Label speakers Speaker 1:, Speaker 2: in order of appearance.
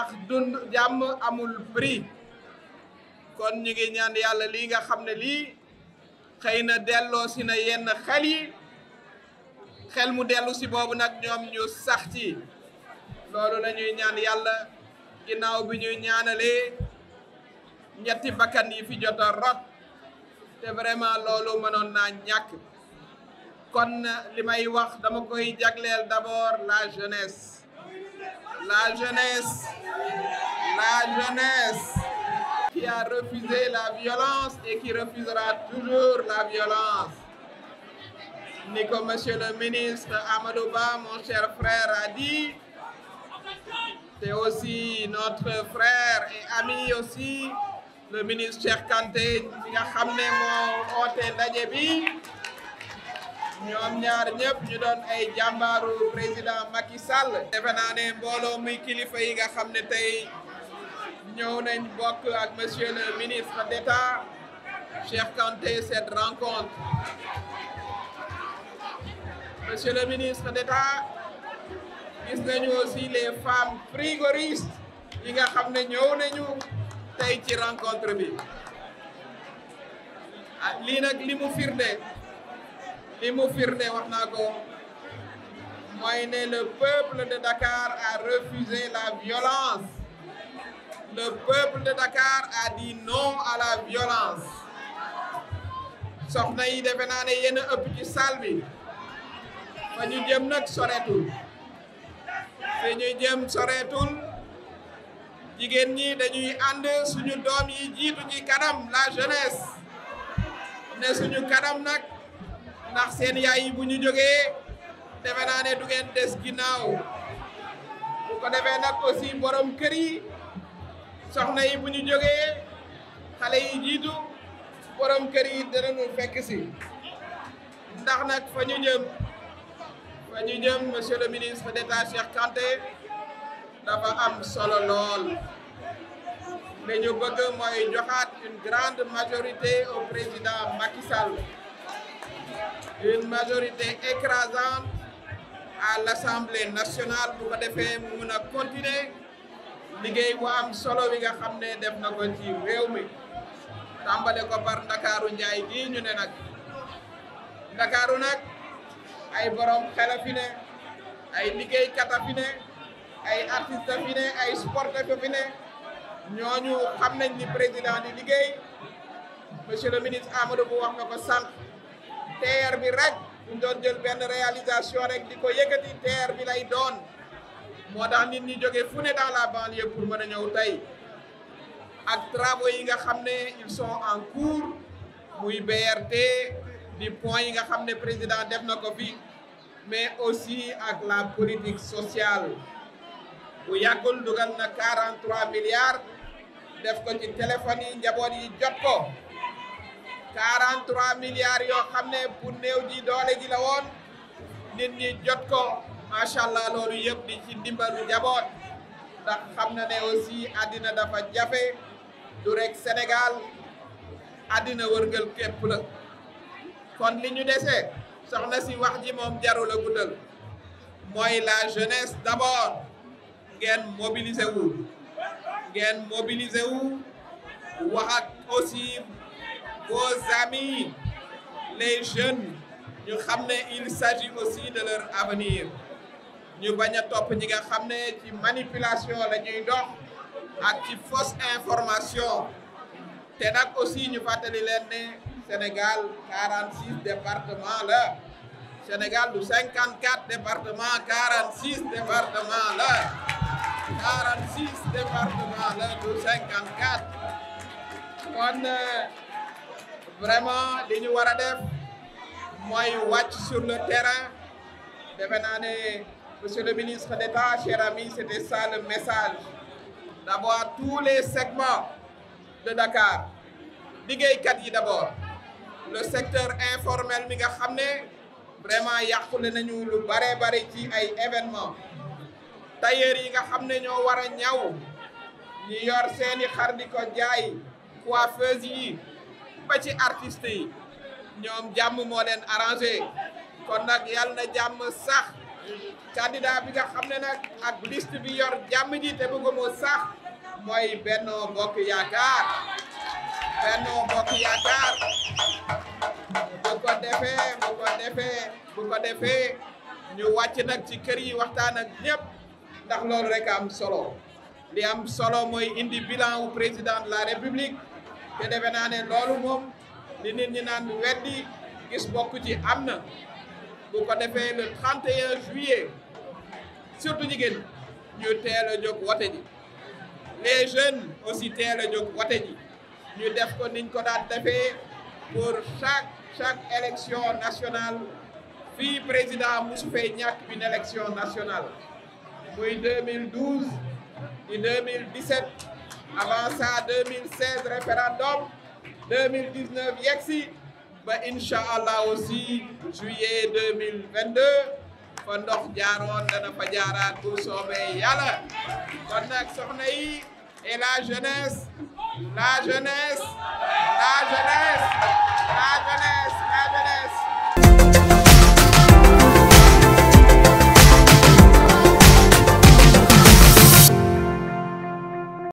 Speaker 1: ndax dund jàmm amul prix kon ñu ngi ñaan yàlla lii nga xam ne lii xëy na delloo si na yenn xel yi xel mu dellu si boobu nag ñoom ñu sax ci loolu la ñaan yàlla ginnaaw bi ñuy ñaanalee ñetti bakkan yi fi jot a te vraiment loolu mënoon naa ñàkk kon li may wax dama koy jagleel d'abord la jeunesse la jeunesse, la jeunesse qui a refusé la violence et qui refusera toujours la violence. Ni Monsieur le ministre Amadouba, mon cher frère, a dit, c'est aussi notre frère et ami aussi, le ministre Cheikh Kanté, qui a ramené mon ñu am ñaar ñëpp ñu doon ay jàmbaaru président Macky Sall. defe naa ne mbooloo muy kilifa yi nga xam ne tey ñëw nañ bokk ak monsieur le ministre d'État Cheikh Kanté cette rencontre monsieur le ministre d'État gis nañu aussi les femmes frigoristes yi nga xam ne ñëw nañu tey ci rencontre bi ah lii nag li mu firnde. li mu firnde wax naa ko mooy ne le peuple Dakar a refusé la violence le peuple Dakar a dit non à la violence soxna yi defe naa ne yéen ëpp ci salle fa ñu jëm nag soreetul fi ñu jëm soreetul jigéen ñi dañuy ànd suñu doom yi jiitu ci kanam la jeunesse ne suñu kanam nag ndax seen yaay yi bu ñu jógee defe naa ne du ngeen des ginnaaw bu ko defee nag aussi borom kër yi soxna yi bu ñu jógee xale yi jiitu borom kër yi danañu fekk si ndax nag fa ñu jëm fa ñu jëm monsieur le ministre d'État Cheikh Kanté dafa am solo lool li ñu bëgg mooy joxaat une grande majorité au président Macky une majorité écrasante à l'Assemblée nationale bu ko defee mu mun a liggéey bu am solo bi nga xam ne def na ko ci réew mi tàmbale ko par Ndakaaru Njaay gi ñu ne nag Ndakaaru nag ay borom xel a fi ne ay liggéeykat a fi ne ay artiste a fi ne ay sportif a fi ne ñooñu xam nañ ni président di liggéey monsieur le ministre Amadou bu wax na ko sant TER bi rek buñ doon jël benn réalisation rek di ko yëkkati TER bi lay doon moo tax nit ñi jógee fu ne dans la banlieue pour mën a ñëw tey ak travaux yi nga xam ne ils sont en cours muy BRT di point yi nga xam ne président def na ko fi mais aussi ak la politique sociale bu yàggul dugal na 43 milliards def ko ci téléphone yi njaboot yi jot ko. 43 milliards yoo xam ne pour néew ji doole ji la woon nit ñi jot ko macha allah loolu yëpp di ci ndimbalu njaboot ndax xam na ne aussi àddina dafa jafe du rek Sénégal àddina wërgal képp la kon li ñu dese soxna si wax ji moom jarul guddal mooy la jeunesse d'abord ngeen mobiliser wu ngeen mobiliser wu wax ak aussi. vos amis, les jeunes, ñu xam ne il s'agit aussi de leur avenir ñu bañ a topp ñi nga xam ne ci manipulation la ñuy dox ak ci fausse information te nag aussi ñu fàttali leen ne Sénégal 46 départements la Sénégal du 54 départements 46 départements la 46 départements la du 54 kon. Euh, vraiment li ñu war a def mooy wàcc sur le terrain defe naa ne monsieur le ministre d'État cher ami c'était ça le message d'avoir tous les segments de Dakar liggéeykat yi d'abord le secteur informel mi nga xam ne vraiment yàqule nañu lu bare bare ci ay événements tailleur yi nga xam ne ñoo war a ñaw ñu yor seeni xar di ko jaay coiffeuse yi ba ci artiste yi ñoom jàmm moo leen arrangé kon nag yàlla na jàmm sax candidat bi nga xam ne nag ak liste bi yor jàmm ji te bëgg moo sax mooy Benno Bokk Yaakaar Benno Bokk Yaakaar bu ko defee bu ko defee ñu wàcc nag ci kër yi waxtaan ak ñëpp ndax loolu rek am solo li am solo mooy indi bilan président la république te defe naa ne loolu moom di nit ñi naan weddi gis bokku ci am na bu ko defee le 31 juillet surtout jigéen ñu teel a jóg wote ji les jeunes aussi teel a jóg wote ji ñu def ko niñ ko daan defee pour chaque chaque élection nationale fii président musu fay ñàkk une élection nationale muy 2012 di 2017 avant ça 2016 référendum 2019 yegsi ba incha allah aussi juillet 2022 fa ndox jaaroon dana fa jaaraat bu soobee yàlla kon nag soxna yi et la jeunesse la jeunesse